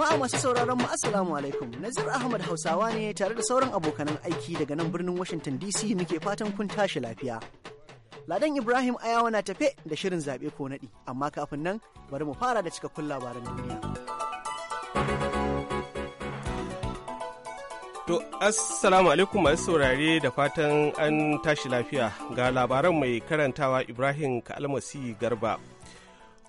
Jama'a masu sauraron mu Assalamu alaikum. Nazir Ahmad Hausawa ne tare da sauran abokanan aiki daga nan birnin Washington DC muke fatan kun tashi lafiya. Ladan Ibrahim Ayawa na tafe da shirin zaɓe ko naɗi, amma kafin nan bari mu fara da cikakkun labaran duniya. To, Assalamu alaikum masu saurare da fatan an tashi lafiya ga labaran mai karantawa Ibrahim Kalmasi Garba.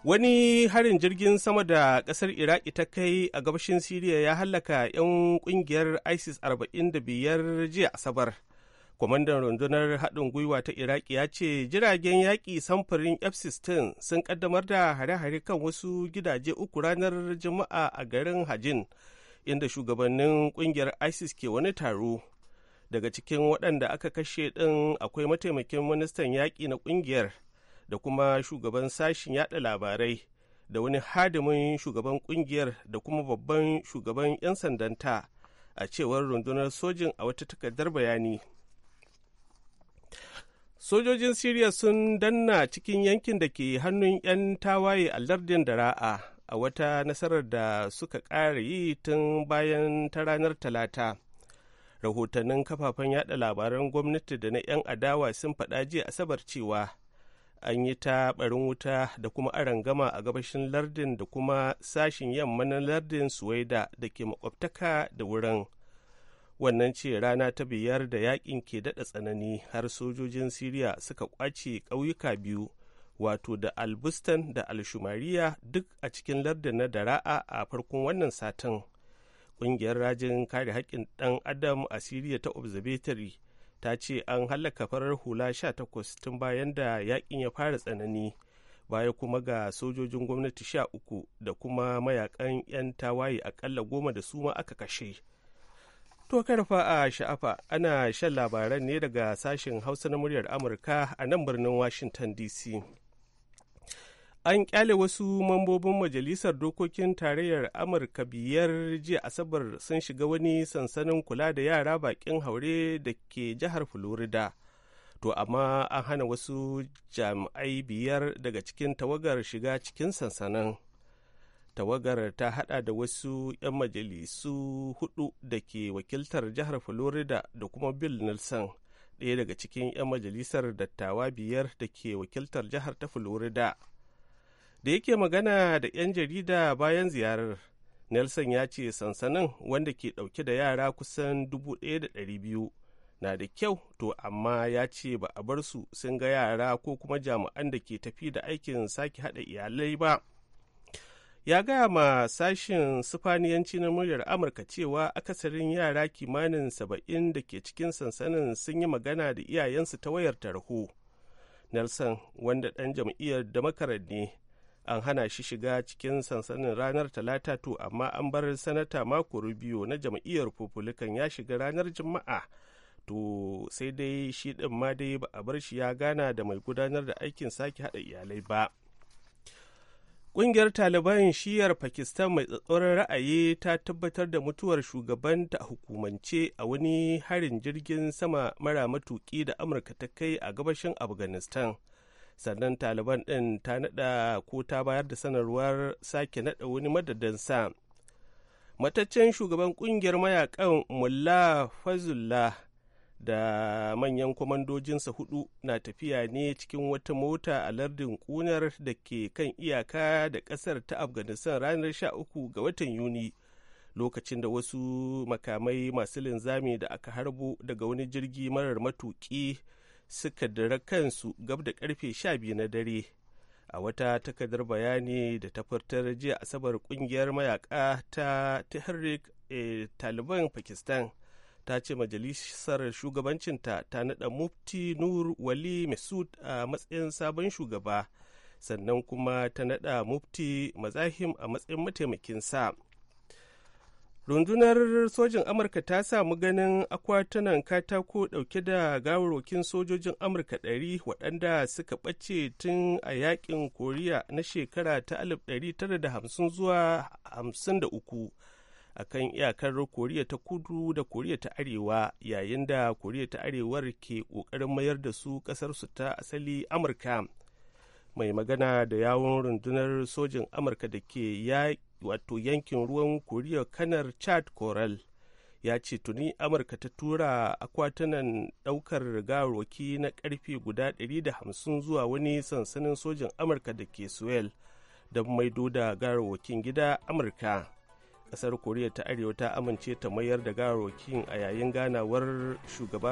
Wani harin jirgin sama da ƙasar Iraki ta kai a gabashin Siriya ya hallaka 'yan ƙungiyar ISIS 45 jiya Asabar. Kwamandan rundunar haɗin gwiwa ta Iraki ya ce jiragen yaƙi samfurin F-16 sun ƙaddamar da hare-hare kan wasu gidaje uku ranar Juma'a a garin Hajin, inda shugabannin ƙungiyar ISIS ke wani taro. Daga cikin waɗanda aka kashe ɗin akwai mataimakin ministan yaƙi na ƙungiyar. da kuma shugaban sashen yada labarai da wani hadimin shugaban kungiyar da kuma babban shugaban 'yan sandanta a cewar rundunar sojin a wata takardar bayani sojojin siriya sun danna cikin yankin da ke hannun 'yan tawaye a lardin da ra'a a wata nasarar da suka ƙara yi tun bayan ta ranar talata rahotannin kafafen yada labaran gwamnati da na 'yan adawa sun faɗa jiya asabar cewa an yi ta barin wuta da kuma aron gama a gabashin lardin da kuma sashin yamma na lardin suwaida da ke makwabtaka da wurin wannan ce rana ta biyar da yakin ke daɗa tsanani har sojojin siriya suka kwace ƙauyuka biyu wato da albustan da alshumariya duk a cikin lardin na dara'a a farkon wannan satin ƙungiyar rajin kare haƙƙin ɗan adam a siriya ta observatory ta ce an hallaka farar hula 18 tun bayan da yakin ya fara tsanani baya kuma ga sojojin gwamnati 13 da kuma mayakan 'yan tawaye akalla goma da su ma aka kashe to karfa a sha'afa ana shan labaran ne daga sashen hausa na muryar amurka a nan birnin washington dc an kyale wasu mambobin majalisar dokokin tarayyar amurka biyar jiya asabar sun shiga wani sansanin kula da yara bakin haure da ke jihar florida to amma an hana wasu jami'ai biyar daga cikin tawagar shiga cikin sansanin tawagar ta hada da wasu 'yan majalisu hudu da ke wakiltar jihar florida da kuma bill nelson ɗaya daga cikin 'yan majalisar dattawa biyar da ke wakiltar jihar ta florida da yake magana da 'yan jarida bayan ziyarar nelson ya ce sansanin wanda ke dauke da yara kusan 1,200 na da kyau to amma ya ce ba a bar su sun ga yara ko kuma jami'an da ke tafi da aikin sake hada iyalai ba ya gaya ma sashen sifaniyanci na muryar amurka cewa akasarin yara kimanin saba'in da ke cikin sansanin sun yi magana da iyayensu ta wayar tarho nelson wanda ɗan jam'iyyar da makarar ne an hana shi shiga cikin sansanin ranar talata to amma an bar sanata mako rubio na jam'iyyar republican ya shiga ranar juma'a to sai dai shi din ma dai ba a bar shi ya gana da mai gudanar da aikin sake hada iyalai ba Ƙungiyar Taliban shiyar Pakistan mai tsatsauran ra'ayi ta tabbatar da mutuwar shugaban ta hukumance a wani harin jirgin sama mara matuƙi da Amurka ta kai a gabashin Afghanistan. sannan taliban ɗin ta naɗa ko ta bayar da sanarwar sake naɗa wani madadin sa mataccen shugaban kungiyar mayakan mulla fazullah da manyan kwamandojinsa hudu na tafiya ne cikin wata mota a lardin kunar da ke kan iyaka da kasar ta afghanistan ranar 13 ga watan yuni lokacin da wasu makamai masu linzami da aka harbo daga wani jirgi marar matuki suka dira kansu gab da karfe 12 na dare a wata takardar bayani da ta furtar jiya asabar kungiyar mayaka ta tehrik eh, taliban pakistan ta ce majalisar shugabancinta ta nada mufti nur wali masud a matsayin sabon shugaba sannan kuma ta nada mufti mazahim a matsayin mataimakinsa rundunar sojin amurka ta samu ganin akwatunan katako dauke da gawarwakin sojojin amurka 100 waɗanda suka ɓace tun a yakin koriya na shekara ta 1950 zuwa 53 a kan iyakar koriya ta kudu da koriya ta arewa yayin da koriya ta arewar ke ƙoƙarin mayar da su ƙasarsu ta asali amurka mai magana da yawon rundunar sojin amurka da ke yaƙi wato yankin ruwan koriya kanar chad coral ya ce tuni amurka ta tura akwatunan daukar gawarwaki na karfe guda 150 zuwa wani sansanin sojin amurka da ke suwel don maido da gawarwakin gida amurka kasar koriya ta arewa ta amince ta mayar da gawarwakin a yayin ganawar shugaba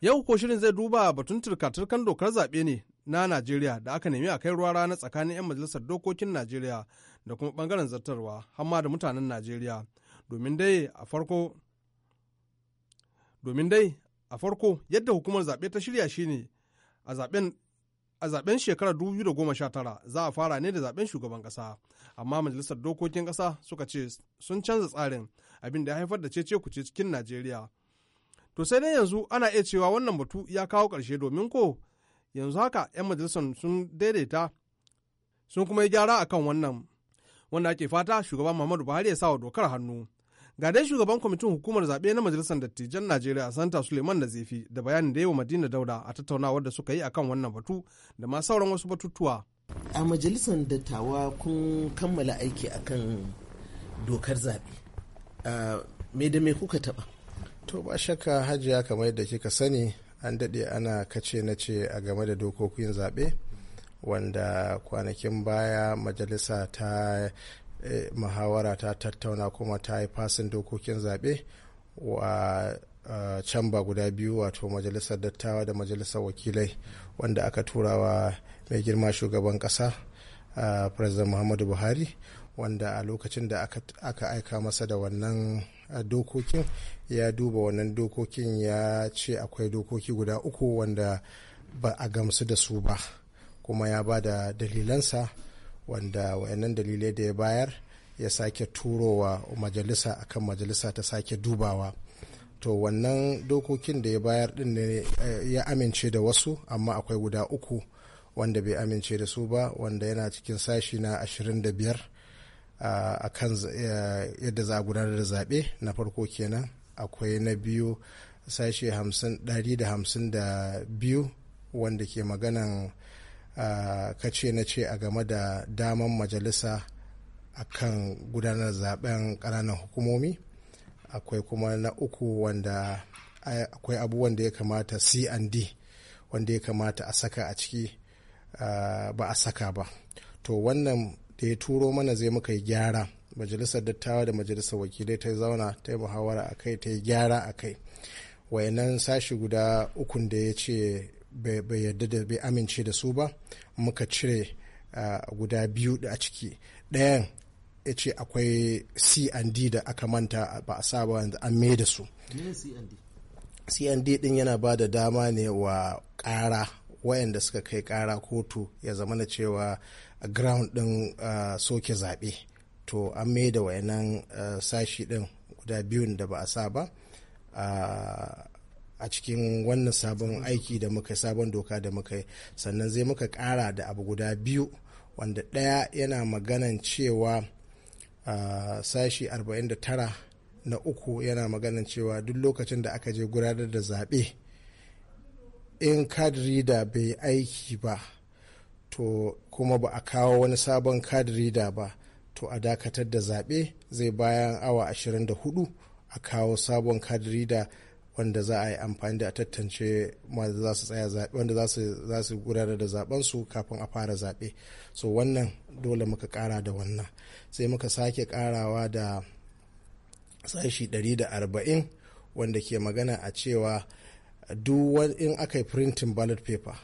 Yau ko shirin zai duba batun turka-turkan dokar zaɓe ne na Najeriya da aka nemi a kai ruwa rana tsakanin 'yan majalisar dokokin Najeriya da kuma bangaren zartarwa hamma da mutanen Najeriya. Domin dai a farko yadda hukumar zaɓe ta shirya shine a zaɓen zaben shekarar 2019 za a fara ne da zaɓen shugaban kasa amma majalisar dokokin kasa suka ce sun canza tsarin abin da ya haifar da cece kuce cikin najeriya To sai dai yanzu ana iya cewa wannan batu ya kawo ƙarshe domin ko yanzu haka 'yan majalisar sun daidaita sun kuma yi gyara akan wannan wanda ake fata shugaban Muhammadu Buhari ya sa wa dokar hannu. Ga dai shugaban kwamitin hukumar zaɓe na majalisar dattijan Najeriya Santa Suleiman Nazifi da bayanin da yi wa Madina Dauda a tattaunawar da suka yi akan wannan batu da ma sauran wasu batutuwa. A majalisar dattawa kun kammala aiki akan dokar zaɓe. me da me kuka taɓa? to ba shakka hajiya kamar yadda kika sani an daɗe ana kace na ce a game da dokokin zaɓe wanda kwanakin baya majalisa ta eh, muhawara ta tattauna kuma ta yi fasin dokokin zaɓe wa can camba guda biyu wato majalisar dattawa da majalisar wakilai wanda aka turawa mai girma shugaban ƙasa president muhammadu buhari wanda a lokacin da aka aika masa da wannan dokokin ya duba wannan dokokin ya ce akwai dokoki guda uku wanda ba a gamsu da su ba kuma ya ba da dalilansa wanda wayannan dalilai da ya bayar ya sake turowa majalisa akan majalisa ta sake dubawa to wannan dokokin da ya bayar din ne eh, ya amince da wasu amma akwai guda uku wanda bai amince da su ba wanda yana cikin sashi na 25 a kan yadda za a gudanar da zaɓe na farko kenan akwai na biyu sashe hamsin da biyu wanda ke maganan kace na ce a game da daman majalisa a kan gudanar zaben ƙananan hukumomi akwai kuma na uku wanda akwai abubuwan da ya kamata cnd wanda ya kamata a saka a ciki ba a saka ba to wannan da ya turo mana zai muka yi gyara majalisar dattawa da majalisar wakilai ta zauna ta yi muhawara a kai ta yi gyara a kai wayannan sashi guda ukun da ya ce bai yarda da bai amince da su ba muka cire guda biyu a ciki ɗayan ya ce akwai c da aka manta ba a saba wanda an mai da su cnd din yana ba da dama ne wa ƙara wayanda suka kai kara kotu ya zama na cewa ground din uh, soke zaɓe to an mai da wayannan uh, sashi din guda biyun da ba a sa ba uh, a cikin wannan sabon aiki da muka sabon doka da muka sannan zai muka ƙara da abu guda biyu wanda ɗaya yana maganan cewa arba'in sashi 49 na uku yana maganan cewa duk lokacin da aka je gudanar da zaɓe in card reader bai aiki ba to kuma ba a kawo wani sabon card reader ba to a dakatar da zaɓe zai bayan awa 24 a kawo sabon card reader wanda za a yi amfani da a tantance wanda za su gudanar da su kafin a fara zaɓe so wannan dole muka ƙara da wannan sai muka sake ƙarawa da sashi 140 wanda ke magana a cewa duk in aka yi printing ballot paper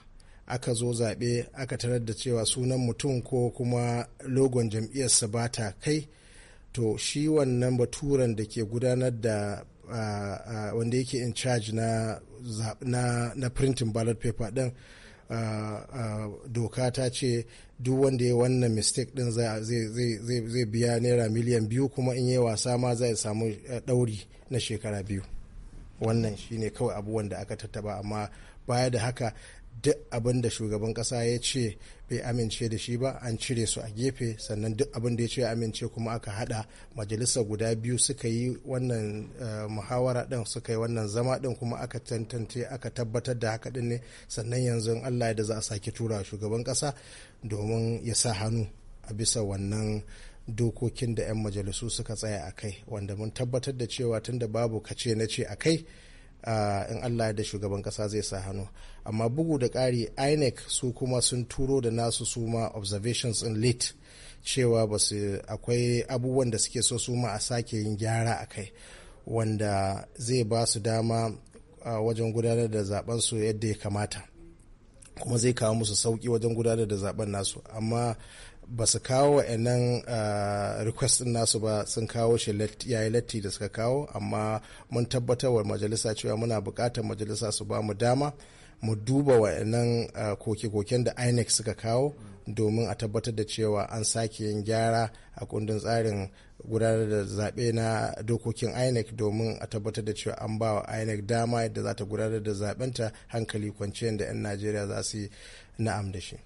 aka zo zaɓe aka tarar da cewa sunan mutum ko kuma logon jam'iyyarsa ba ta kai to shi wannan baturan da ke gudanar da wanda yake in charge na, printing ballot paper ɗin doka ta ce duk wanda ya wannan mistake ɗin zai biya naira miliyan biyu kuma in yi wasa ma zai samu ɗauri na shekara biyu wannan shine kawai abubuwan da aka tattaba amma baya da haka duk abin da shugaban kasa ya ce bai amince da shi ba an cire su a gefe sannan duk abin da ya ce ya amince kuma aka hada majalisa guda biyu suka yi wannan eh, muhawara din suka yi wannan zama din kuma aka tantance aka tabbatar da haka din ne sannan yanzu Allah ya da za a sake tura shugaban kasa domin ya sa hannu a bisa wannan dokokin da 'yan majalisu suka tsaya a kai wanda mun tabbatar da cewa tun da babu kace na ce a kai in allah da shugaban kasa zai sa hannu amma bugu da ƙari inec su kuma sun turo da nasu suma observations in late cewa ba su akwai abubuwan da suke so suma a sake yin gyara a kai wanda zai ba su dama wajen gudanar da zaben su yadda ya kamata kuma zai kawo musu sauki wajen gudanar da zaben nasu amma ba su kawo wa'annan ah, request din nasu ba sun kawo shi yayi latti da suka kawo amma mun tabbatar wa majalisa cewa muna buƙatar majalisa su ba mu dama mu duba wa'annan ah, koke-koken da inec suka kawo domin a tabbatar da cewa an sake yin gyara a kundin tsarin gudanar da zaɓe na dokokin inec domin a tabbatar da cewa an ba wa inec dama yadda za ta gudanar da zaɓenta hankali kwanciyar da 'yan najeriya za su yi na'am da shi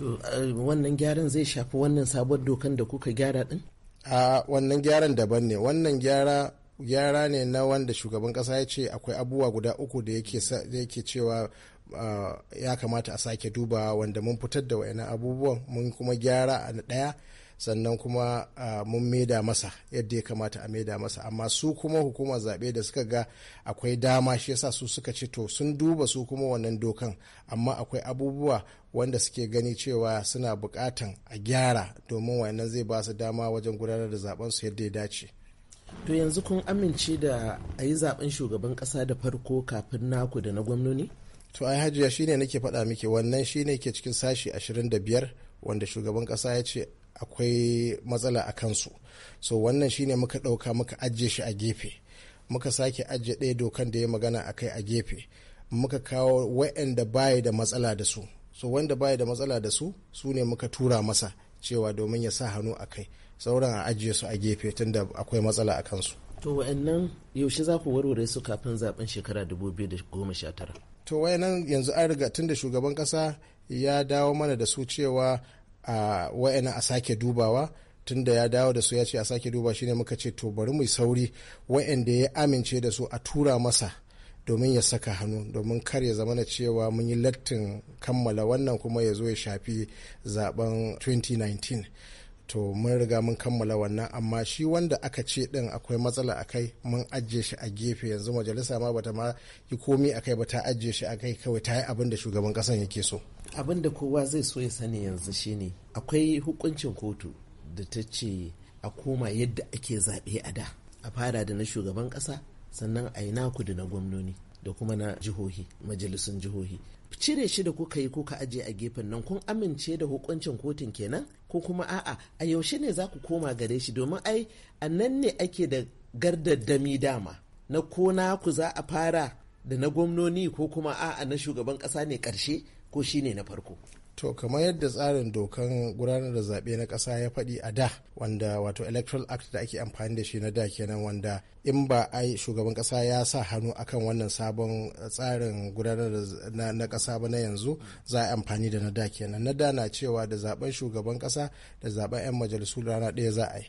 to eh, wannan gyaran zai shafi wannan sabon dokan da kuka gyara din a wannan gyaran daban ne wannan gyara gyara ne na wanda shugaban kasa ya ce akwai abubuwa guda uku da yake cewa ya kamata a sake dubawa wanda mun fitar da wa'ina abubuwan mun kuma gyara a ɗaya sannan kuma mun maida masa yadda ya kamata a maida masa amma su kuma hukumar zaɓe da suka ga akwai dama shi yasa su suka ce to sun duba su kuma wannan dokan amma akwai abubuwa wanda suke gani cewa suna buƙatan a gyara domin wannan zai ba su dama wajen gudanar da zaben su yadda ya dace to yanzu kun amince da a yi zaben shugaban ƙasa da farko kafin naku da na gwamnoni to ai hajiya shine nake faɗa miki wannan shine ke cikin sashi 25 wanda shugaban ƙasa ya ce akwai matsala a kansu so wannan shine muka ɗauka muka ajiye shi a gefe muka sake ajiye ɗaya dokan da ya magana a kai a gefe muka kawo wa'anda baya da matsala da su so wanda baya da matsala da su su ne muka tura masa cewa domin ya sa hannu a kai sauran a ajiye su a gefe tunda akwai matsala a kansu to wa'annan yaushe za ku warware su kafin zaben shekara 2019 to wa'annan yanzu an riga tunda shugaban kasa ya dawo mana da su cewa a wa'ina a sake dubawa tun da ya dawo da su ya ce a sake duba shine muka ce to bari mu sauri wa'anda ya amince da su a tura masa domin ya saka hannu domin kar ya zama cewa mun yi lattin kammala wannan kuma ya zo ya shafi zaben 2019 to mun riga mun kammala wannan amma shi wanda aka ce din akwai matsala a kai mun ajiye shi a gefe yanzu majalisa ma bata ma yi komi a kai ba ta ajiye shi a kai kawai ta yi abin da shugaban kasan yake so abin da kowa zai so ya sani yanzu shine akwai hukuncin kotu da ta ce a koma yadda ake zaɓe a da a fara da na shugaban ƙasa sannan a yi naku da na gwamnoni da kuma na jihohi majalisun jihohi cire shi da kuka yi kuka ajiye a gefen nan kun amince da hukuncin kotun kenan ko kuma a'a a yaushe ne za ku koma gare shi domin ai a nan ne ake da gardaddami dama na ko ku za a fara da na gwamnoni ko kuma a'a na shugaban ƙasa ne ƙarshe ko shine na farko to kamar yadda tsarin dokan gudanar da zaɓe na ƙasa ya faɗi a da wanda wato electoral act da ake amfani da shi na da kenan wanda in ba ai shugaban ƙasa ya sa hannu akan wannan sabon tsarin gudanar da na ƙasa ba na yanzu za a amfani da na da kenan na da na cewa da zaben shugaban ƙasa da zaben 'yan majalisu rana ɗaya za a yi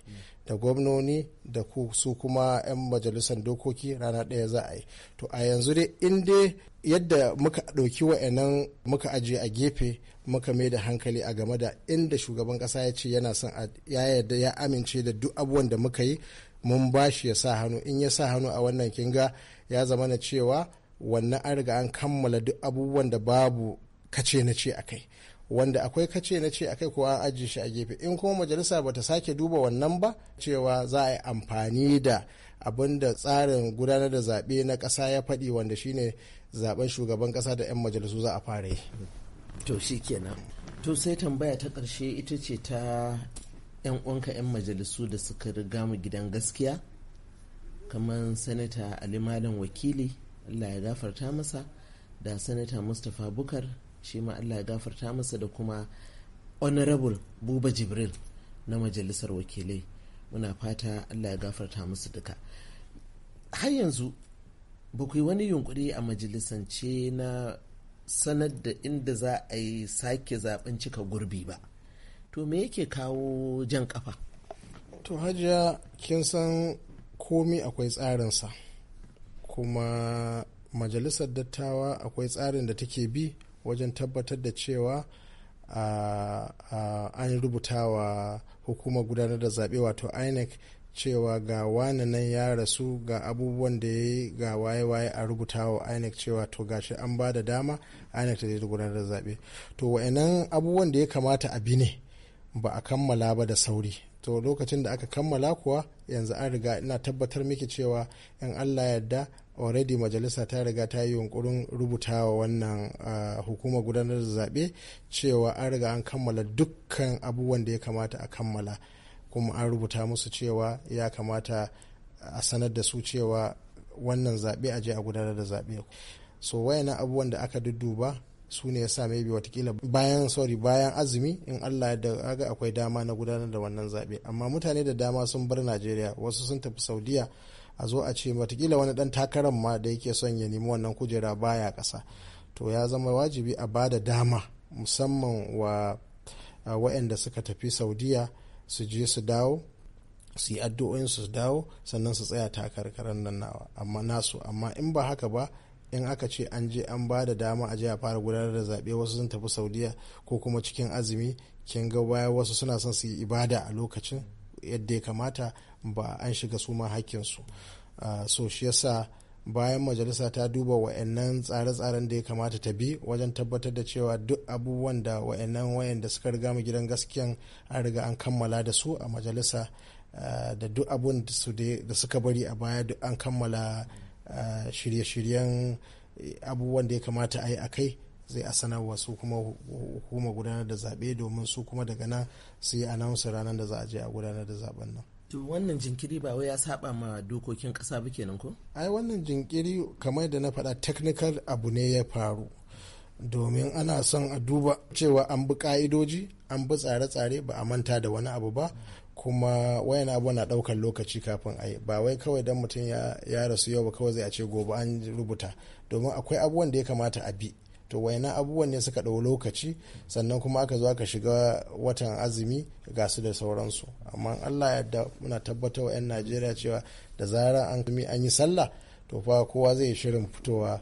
da gwamnoni da su kuma 'yan majalisar dokoki rana ɗaya za a yi to a yanzu dai in dai yadda muka ɗauki wa'annan muka ajiye a gefe muka mai da hankali a game da inda shugaban ƙasa ya ce yana son ya yarda ya amince da duk abubuwan da muka yi mun bashi ya sa hannu in ya sa hannu a wannan kinga ya zama na cewa wannan an riga an kammala duk abubuwan da babu kace na ce a kai wanda akwai kace na ce akai ko an ajiye shi a gefe in kuma majalisa ta sake duba wannan ba cewa za a yi amfani da abin da tsarin gudanar da zaɓe na ƙasa ya faɗi wanda shine zaben shugaban ƙasa da 'yan majalisu za a fara yi to shi kenan to sai tambaya ta ƙarshe ita ce ta 'yan uwanka 'yan majalisu da suka riga mu gidan gaskiya kamar sanata ali malam wakili allah ya gafarta masa da sanata mustapha bukar shi ma allah ya gafarta masa da kuma honorable buba jibril na majalisar wakilai muna fata allah ya gafarta musu duka har yanzu ba ku yi wani yunkuri a majalisance na sanar da inda za a yi sake zaben cika gurbi ba to me yake kawo jan kafa to hajiya kin san komi akwai tsarinsa kuma majalisar dattawa akwai tsarin da take bi wajen tabbatar da cewa an rubuta wa hukumar gudanar da zaɓe wato inec cewa ga wani nan ya rasu ga abubuwan da ya yi ga waye-waye a rubuta wa inec cewa to gashi an ba da dama inec ta da gudanar da zaɓe to wa'annan abubuwan da ya kamata a bi ne ba a kammala ba da sauri to lokacin da aka kammala kuwa yanzu an riga ina tabbatar miki cewa in allah yarda already majalisa ta riga ta yi yunkurin rubuta wa wannan hukuma gudanar da zaɓe cewa an riga an kammala dukkan abubuwan da ya kamata a kammala kuma an rubuta musu cewa ya kamata a sanar da su cewa wannan zaɓe a je a gudanar da zaɓe so wayannan abubuwan da aka dudduba su ne ya sa maybe watakila bayan sorry bayan azumi in Allah da aga akwai dama na gudanar da wannan zaɓe amma mutane da dama sun bar Najeriya wasu sun tafi Saudiya a zo a ce matakila wani dan takarar ma da yake son ya nemi wannan kujera baya kasa to ya zama wajibi a bada dama musamman wa wayanda suka tafi saudiya su je su dawo su yi addu'o'in su dawo sannan su tsaya takarkarar nan nawa amma nasu amma in ba haka ba in aka ce an je an ba da dama a je a fara gudanar da zaɓe wasu sun tafi saudiya ko kuma cikin azumi kin ga baya wasu suna son su yi ibada a lokacin yadda ya kamata ba an shiga su ma hakkinsu ah, so shi yasa bayan majalisa ta duba wa'annan tsare-tsaren da ya kamata ta bi wajen tabbatar da cewa duk abubuwan da wa'annan wayan da suka riga mu gidan gaskiyan an riga an kammala da su a majalisa ah, da duk abun da suka bari a baya duk an kammala ah, shirye-shiryen abubuwan da ya kamata a yi a kai zai a sanarwa su kuma hukumar gudanar da zaɓe domin su kuma daga nan su yi announce ranar da za a je a gudanar da zaɓen nan. to wannan jinkiri ba wai ya saba ma dokokin kasa ba kenan ko ai wannan jinkiri kamar da na faɗa technical abu ne ya faru domin ana son a duba cewa an bi ka'idoji an bi tsare-tsare ba a manta da wani abu ba kuma wayan abu na daukar lokaci kafin a yi ba wai kawai dan mutum ya rasu yau ba kawai zai a ce gobe an rubuta domin akwai abubuwan da ya kamata a bi to waina abubuwan ne suka ɗau lokaci sannan kuma aka zo aka shiga watan azumi ga su da sauransu amma allah yadda muna tabbatar wa 'yan najeriya cewa da zarar an an yi sallah to fa kowa zai yi shirin fitowa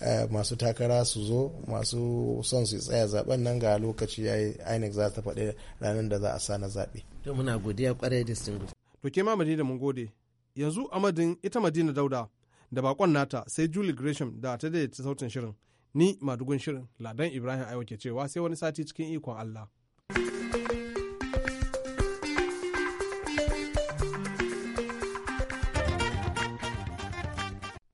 eh, masu takara su zo masu son su tsaya zaben nan ga lokaci ya yi inec za ta faɗi ranar da za a sa na zaɓe. to muna godiya kwarai da to ke ma madina mun gode yanzu amadin ita madina dauda da bakon nata sai juli gresham da ta daidaita sautin shirin ni madugun shirin ladan ibrahim aiwa ke cewa sai wani sati cikin ikon allah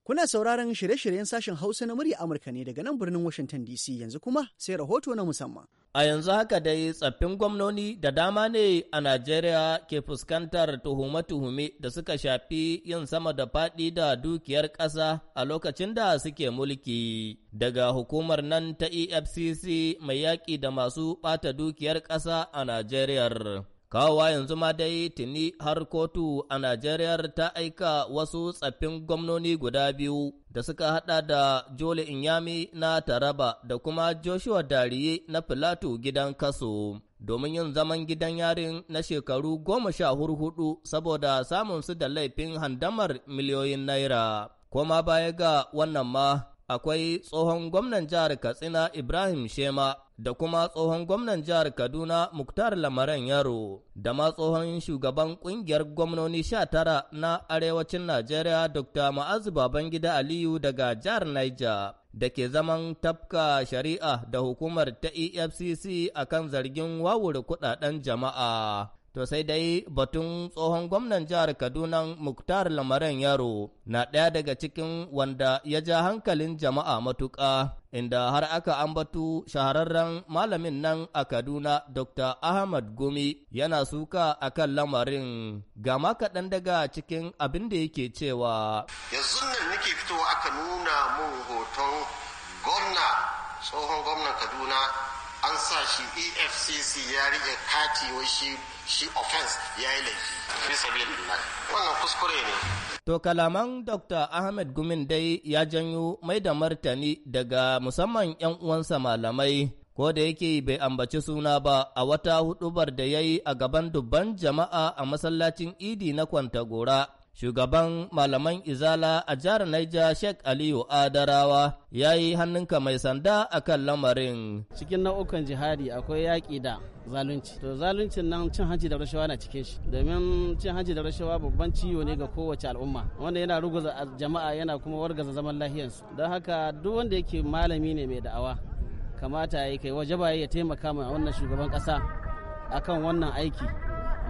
Kuna sauraron shirye-shiryen sashen Hausa na murya Amurka ne daga nan birnin Washington DC yanzu kuma sai rahoto na musamman. A yanzu haka dai tsaffin gwamnoni da dama ne a Najeriya ke fuskantar tuhume-tuhume da suka shafi yin sama da faɗi da dukiyar ƙasa a lokacin da suke mulki. Daga hukumar nan ta EFCC mai yaƙi da masu ɓata dukiyar ƙasa a Najeriya. Kawowa yanzu ma dai tuni har kotu a Najeriya ta aika wasu tsaffin gwamnoni guda biyu da suka hada da Jole Inyami na Taraba da kuma Joshua Dariye na Filato gidan kaso. Domin yin zaman gidan yarin na shekaru goma sha hurhudu saboda samun su da laifin handamar miliyoyin naira. Koma baya ga wannan ma akwai tsohon gwamnan jihar Katsina Ibrahim Shema da kuma tsohon gwamnan jihar Kaduna Muktar Lamaran Yaro da ma tsohon shugaban kungiyar gwamnoni 19 na arewacin Najeriya Dr. Ma'azu Babangida Aliyu daga jihar Niger da ke zaman tafka shari'a da hukumar ta EFCC akan zargin wawure kudaden jama'a. To sai dai batun tsohon gwamnan jihar Kaduna Muktar Lamaran Yaro na ɗaya daga cikin wanda ya ja hankalin jama'a matuƙa inda har aka ambatu shahararren malamin nan a Kaduna Dr. Ahmad Gumi yana suka akan kan lamarin gama kaɗan daga cikin abin da yake cewa. Yanzu nan nake fitowa aka nuna mun hoton gwamna tsohon gwamnan Kaduna an sa shi efcc ya rike kati wa shi shi offense ya yi laifi fi sabilillah wannan kuskure ne To kalaman Dr. Ahmed Gumin dai ya janyo mai da martani daga musamman 'yan uwansa malamai ko da yake bai ambaci suna ba a wata hudubar da ya yi a gaban dubban jama'a a masallacin idi na Kwantagora shugaban malaman izala a jihar Naija Sheikh Aliyu Adarawa ya yi hannunka mai sanda a kan lamarin. Cikin nau'ukan jihadi akwai yaƙi da zalunci. To zaluncin nan cin hanci da rashawa na cikin shi. Domin cin hanci da rashawa babban ciwo ne ga kowace al'umma. Wanda yana ruguza jama'a yana kuma wargaza zaman lahiyarsu. Don haka duk wanda yake malami ne mai da'awa kamata ya kai wajaba ya taimaka ma wannan shugaban ƙasa akan wannan aiki.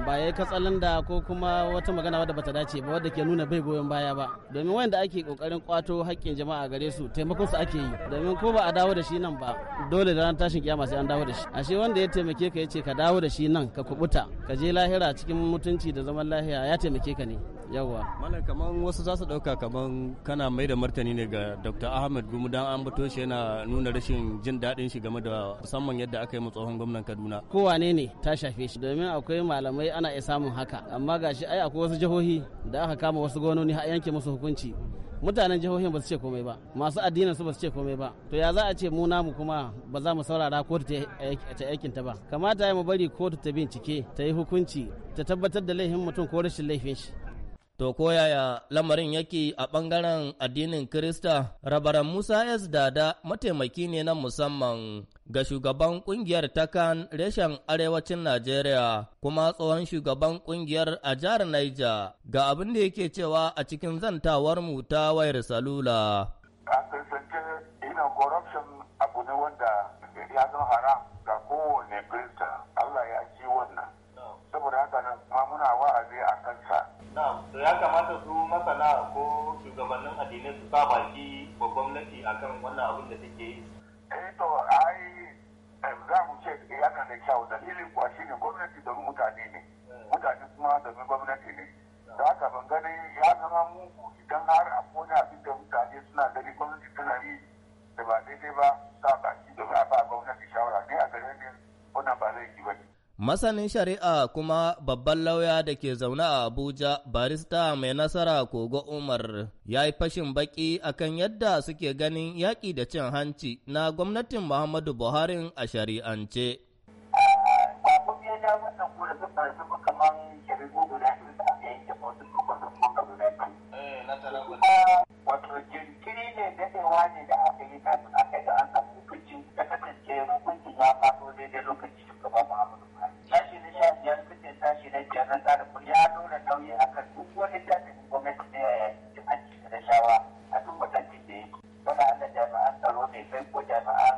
ba ya yi da ko kuma wata magana wadda bata dace ba wadda ke nuna bai goyon baya ba domin wanda ake kokarin kwato haƙƙin jama'a gare su taimakon su ake yi domin ko ba a dawo da shi nan ba dole da ran tashin kiyama sai an dawo da shi ashe wanda ya taimake ka yace ka dawo da shi nan ka kubuta ka je lahira cikin mutunci da zaman lahiya ya taimake ka ne yawa mana kaman wasu za su dauka kaman kana mai da martani ne ga dr ahmed gumu dan an bato shi yana nuna rashin jin daɗin shi game da musamman yadda aka yi mu tsohon gwamnan kaduna kowane ne ta shafe shi domin akwai malamai ana iya samun haka amma gashi ai akwai wasu jihohi da aka kama wasu gwamnoni har yanke musu hukunci mutanen jihohin ba su ce komai ba masu addinin su ba su ce komai ba to ya za a ce mu na namu kuma ba za mu saurara kotu ta aikin ta ba kamata ya mu bari kotu ta bincike ta yi hukunci ta tabbatar da laifin mutum ko rashin laifin shi To koyaya lamarin yake a ɓangaren addinin Kirista, rabaran Musa S. Dada mataimaki ne na musamman ga shugaban kungiyar takan reshen arewacin Najeriya kuma tsohon shugaban ƙungiyar a jihar Naija ga abin da yake cewa a cikin zantawar mu ta wayar salula. A ina corruption abu ne wanda ya zama haram ga kowane to ya kamata su masana ko shugabannin addinai su sa baki ko gwamnati akan wannan abin da take yi. Eh to ai za mu ce yana eh, da kyau dalilin kuwa shine gwamnati da mutane ne. Eh. Mutane kuma da gwamnati Masanin shari'a kuma babban lauya da ke zaune a Abuja, barista mai nasara Kogo Umar, ya yi fashin baki akan yadda suke ganin yaƙi da cin hanci na gwamnatin Muhammadu Buhari a shari'ance. Wato jinkiri ne daɗewa ne da aka yi kafin aka ga an samu hukunci da kasance hukuncin ya faɗo daidai lokaci. nan tsarin kuɗi ya nuna nauyi a kan duk wani tasiri gwamnati da jimanci da shawa a duk matakin da ya wani da jami'an tsaro ne kai ko jami'an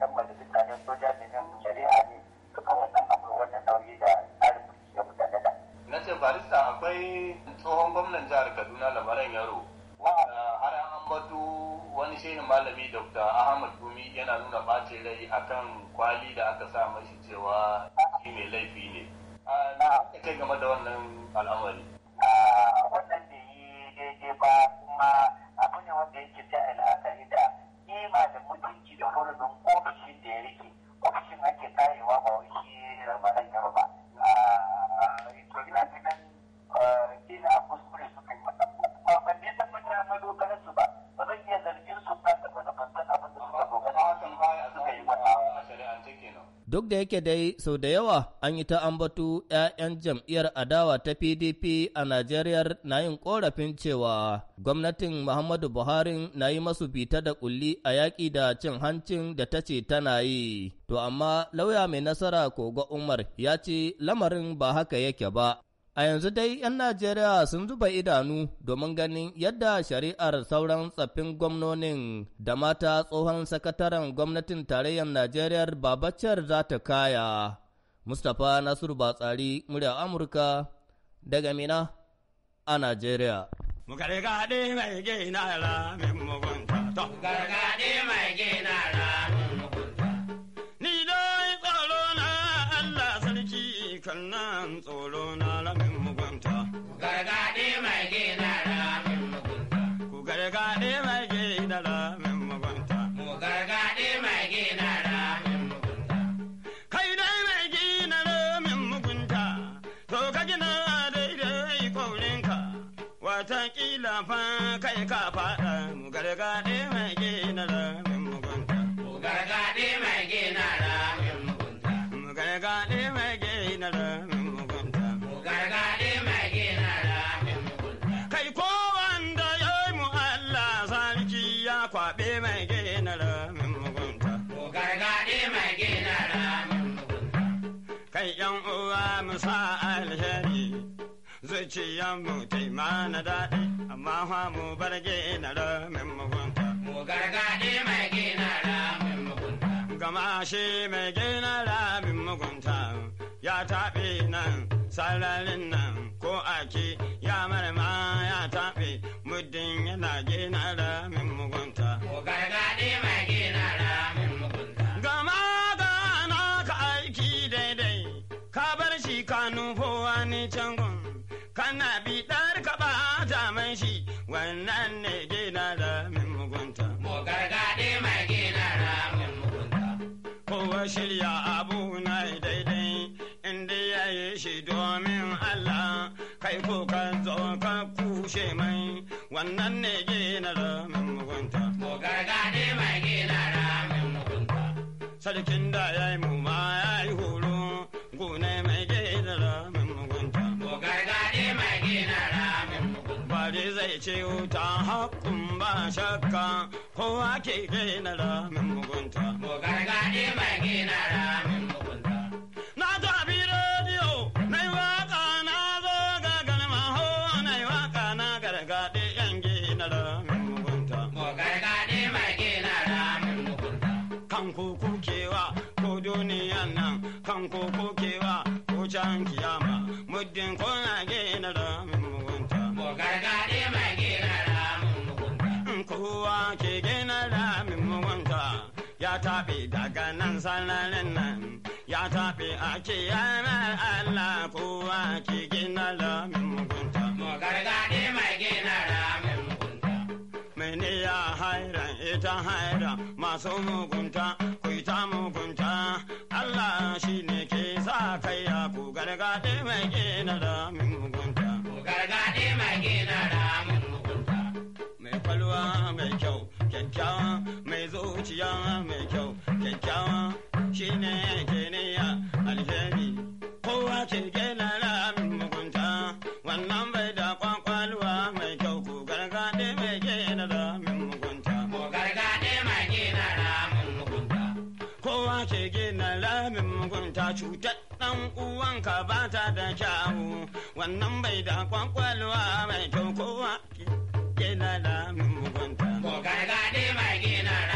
ɗan eh, majalisa ne ko jami'an shari'a ne duka wannan abu wannan nauyi da tsarin kuɗi ya gudanar da. Na ce barista akwai tsohon gwamnan jihar Kaduna labaran yaro. Eh, har an ambatu wani shehin malami Dr. Ahmad Gumi yana nuna ɓacin rai akan kwali da aka sa mashi cewa a hablamos duk da yake dai sau da yawa an yi ta ambatu 'ya'yan jam'iyyar adawa ta PDP a Najeriya na yin korafin cewa gwamnatin Muhammadu Buhari na yi masu bita da kulli a yaƙi da cin hancin da ta ce tana yi. To amma lauya mai nasara ga Umar ya ce lamarin ba haka yake ba, A yanzu dai 'yan Najeriya sun zuba idanu domin ganin yadda shari'ar sauran tsaffin gwamnonin da mata tsohon sakataren gwamnatin tarayyar Najeriya Babacar za ta kaya. Mustapha Nasiru Batsari, murya Amurka, daga Mina a Najeriya. ce zuciyanmu ta mana daɗi amma fa mu bar gina ramin mugunta. Mu gargaɗi mai gina ramin mugunta. Gama shi mai gina ramin mugunta ya taɓe nan sararin nan ko ake ya marma ya taɓe muddin yana gina ramin mugunta. Mu gargaɗi mai gina ramin kana bidar ka ba zaman shi wannan ne gina ramin mugunta. Mo gargade mai gina ramin mugunta. Kowa shirya abu na daidai inda ya yi shi domin Allah kai ko ka zo ka kushe mai wannan ne gina ramin mugunta. Mo gargade mai gina ramin mugunta. Sarkin shakka kowa ke gina ramin mugunta. Mu gargaɗi mai gina ramin ya taɓe daga nan sanarin nan ya taɓe a kiyamar Allah kowa ki gina lamin mugunta. Mu gargaɗe mai gina lamin mugunta. Mene ya haira ita haira masu mugunta ku ta mugunta Allah shi ne ke sa kai ya ku gargaɗe mai gina lamin mugunta. kyakkyawa shi ne ke niyya alheri kowa ce ke na ramin mugunta wannan bai da kwakwaluwa mai kyau ko gargaɗe mai ke na ramin mugunta. Ko gargaɗe mai ke na ramin mugunta. Kowa ce ke na ramin mugunta cutar dan uwanka ba ta da kyawu wannan bai da kwakwaluwa mai kyau kowa ke na ramin mugunta. Ko gargaɗe mai ke na